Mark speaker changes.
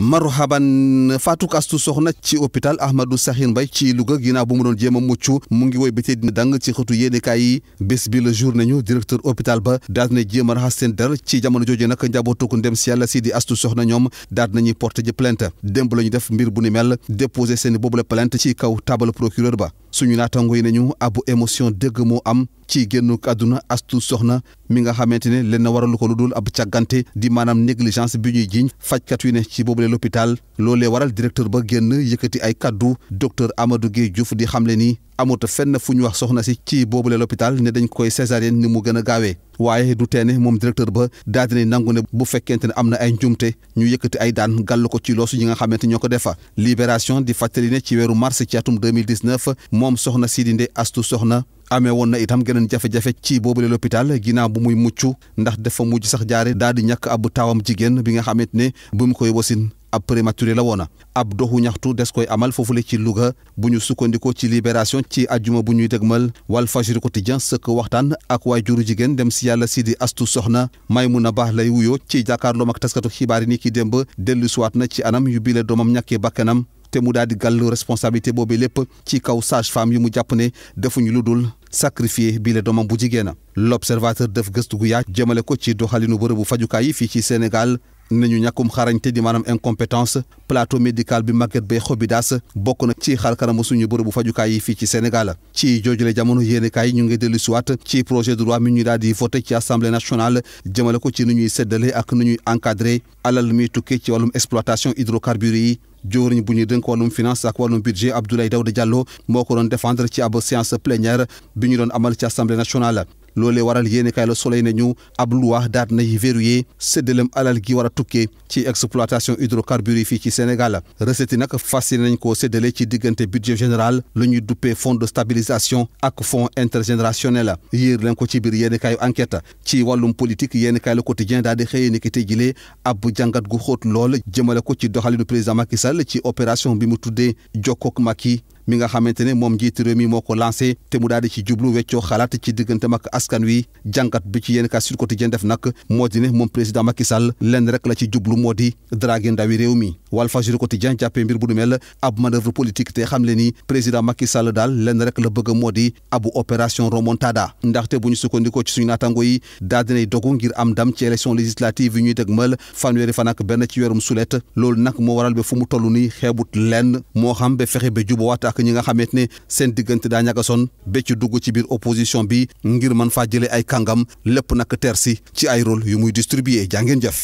Speaker 1: marhaban Fatou Astou Soxna ci hôpital Ahmadou Sakhir bay ci Louga ginnaaw bu mu doon jéem a mucc mu ngi woy bëtee dina dang ci xëtu yéenekaay yi bés bi la jour nañu directeur hôpital ba daal na jéem a seen der ci jamono jooju nag njabootu ko ndem si yàlla si di Astou Soxna ñoom daal nañu porte ji plainte démb ñu def mbir bu ni mel déposé seen boobule plainte ci kaw tabal procureur ba suñu naatango yi nañu abu émotion dëgg moo am ci génnu àdduna astu soxna mi nga xamante ne leen na waralu ko lu dul ab càggante di maanaam négligence bi ñuy jiñ fajkat wi ne ci boobule l'hôpital loolee waral directeur ba génn yëkkati ay kàddu docteur Amadou Guèye Diouf di xamle ni amatu fenn fu ñu wax soxna si ci boobu boobule l'hôpital ne dañ koy césarienne ni mu gën a gaawee waaye du teene moom directeur ba daal dinay nangu ne bu fekkente ne am na ay njumte ñu yëkkati ay daan gàll ko ci loosu ñi nga xamante ñoo ko defa libération di fàttali ne ci weeru mars ci atum 2019 moom soxna Sidi astu Astou soxna amee won na itam geneen jafe-jafe ci boobule l'hôpital ginnaaw bu muy mucc ndax dafa mujj sax jaare daal di ñàkk ab taawam jigéen bi nga xamante ne bu mu koy wasin ab prématuré la woona ab doxu ñaxtu des koy amal foofule ci Louga bu ñu sukkandikoo ci libération ci ajuma bu ñuy dëgmal Walf Fadjri quotidien sëkk waxtaan ak waay juru jigéen dem si yàlla si di astu soxna Maymuna baax lay wuyoo ci jàkkaarloom ak taskatu xibaar yi ni ki démb dellu suwaat na ci anam yu bile doomam ñàkkee bakkanam te mu daal di gàll responsabilité boobee lépp ci kaw sage femme yi mu jàpp ne defuñu lu dul sacrifié bi la doomam bu jigéena l'observateur def gëstu gu yaaj jëmale ko ci doxalinu bërëbu fajukaay fii ci Sénégal nañu ñàkkum xarañte di maanaam incompétence plateau médical bi Maguette Beye Xobidas bokk na ci xar kanamu suñu bërëbu fajukaay yi fii ci Sénégal ci joojule jamono yéenekaay ñu ngi dellu siwaat ci projet de loi mi ñu daal di voté ci assemblée nationale jëmale ko ci nu ñuy seddale ak nu ñuy encadré alal mi tukkee ci wàllum exploitation hydrocarbures yi jëwriñ bu ñuy dënk wàllum finance ak wàllum budget Abdoulaye Daouda Diallo moo ko doon défendre ci ab séance plénière bi ñu doon amal ci assemblée nationale loole waral yéenekaay la Soleil nañu ab loi daat nay verrouillé séddalem alal gi war a tukkee ci exploitation hydrocarbures yi fii ci Sénégal recette yi nag fas nañ koo séddale ci diggante budget général lu ñuy duppee fonds de stabilisation ak fonds intergénérationnel yéer leen ko ci biir yéenekaayu enquête ci wàllum politique yéenekaay la Quotidien daal di xëyee ni ki tey jilee ab jàngat gu xóot lool jëmale ko ci doxalinu président Macky Sall ci opération bi mu tuddee jokkook Macky mi nga xamante ne moom njiitu réew mi moo ko lancé te mu daal di ci jublu weccoo xalaat ci digganteem ak askan wi jàngat bi ci yéen kaa Sud Quotidien def nag moo di moom président Macky Sall lenn rek la ci jublu moo di dragué ndawi réew mi Walf Fadjri Quotidien jàppee mbir bu nu mel ab manœuvre politique te xam le ni président Macky Sall daal lenn rek la bëgg moo di abu opération remontada ndaxte bu ñu sukkandikoo ci suñu naatango yi daa dinay dogu ngir am ndam ci élection législative yi ñuy dëgmal fanweeri fan ak benn ci weerum sulet loolu nag moo waral ba fu mu toll ni xeebut lenn moo xam ba fexe ba jubawaat ak ak ñi nga xamante ne seen diggante daa ñagasoon ba ci dugg ci biir opposition bi ngir mën faa jëlee ay kàngam lépp nag tersi ci ay rôle yu muy distribuer jaa ngeen jëf